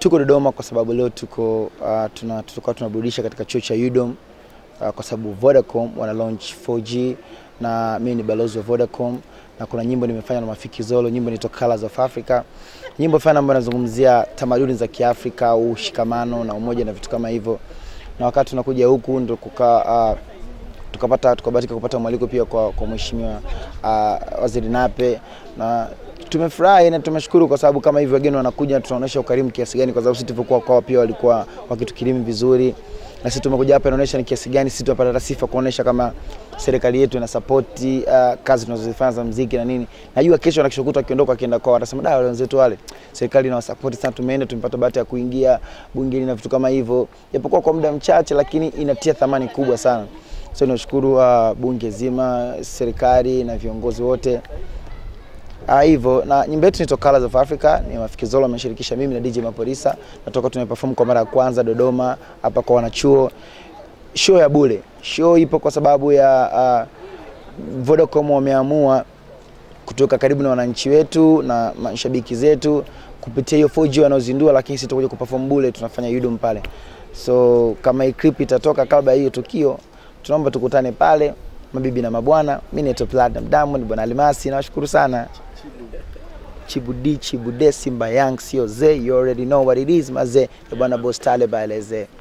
Tuko Dodoma kwa sababu leo tuko uh, tuna, tunaburudisha katika chuo cha UDOM uh, kwa sababu Vodacom wana launch 4G na mimi ni balozi wa Vodacom na kuna nyimbo nimefanya na Mafiki Zolo, nyimbo inaitwa Colors of Africa, nyimbo fana ambayo inazungumzia tamaduni za Kiafrika, ushikamano na umoja na vitu kama hivyo, na wakati tunakuja huku ndo kukaa uh, tukapata tukabahatika kupata mwaliko pia kwa, kwa mheshimiwa uh, Waziri Nape na tumefurahi na tumeshukuru kwa sababu kama hivyo wageni wanakuja, tunaonyesha ukarimu kiasi gani, kwa sababu sisi tulivyokuwa kwao pia walikuwa wakitukirimu vizuri, na sisi tumekuja hapa, inaonyesha ni kiasi gani sisi tunapata sifa, kuonesha kama serikali yetu ina support uh, kazi tunazozifanya za muziki na nini. Najua kesho na kesho kutwa akiondoka akienda kwao atasema da, wale wenzetu wale, serikali ina support sana, tumeenda tumepata bahati ya kuingia bunge na vitu kama hivyo, japokuwa kwa muda mchache, lakini inatia thamani kubwa sana. So nashukuru uh, bunge zima, serikali na viongozi wote ah, hivyo uh, na nyimbo yetu inaitwa Colors of Africa, ni Mafiki Zolo ameshirikisha mimi na DJ Mapolisa, natoka tumeperform kwa mara ya kwanza Dodoma hapa kwa wanachuo, show ya bure. Show ipo kwa sababu ya uh, Vodacom wameamua kutoka karibu na wananchi wetu na mashabiki zetu kupitia hiyo 4G wanaozindua, lakini sisi tutakuja kuperform bure, tunafanya UDOM pale. So kama hii clip itatoka kabla ya hiyo tukio tunaomba tukutane pale, mabibi na mabwana. Mimi naitwa Platinum Diamond, bwana Almasi, nawashukuru sana. Chibudi Simba mbayang sio ze, you already know what it is maze, bwana Bostale baeleze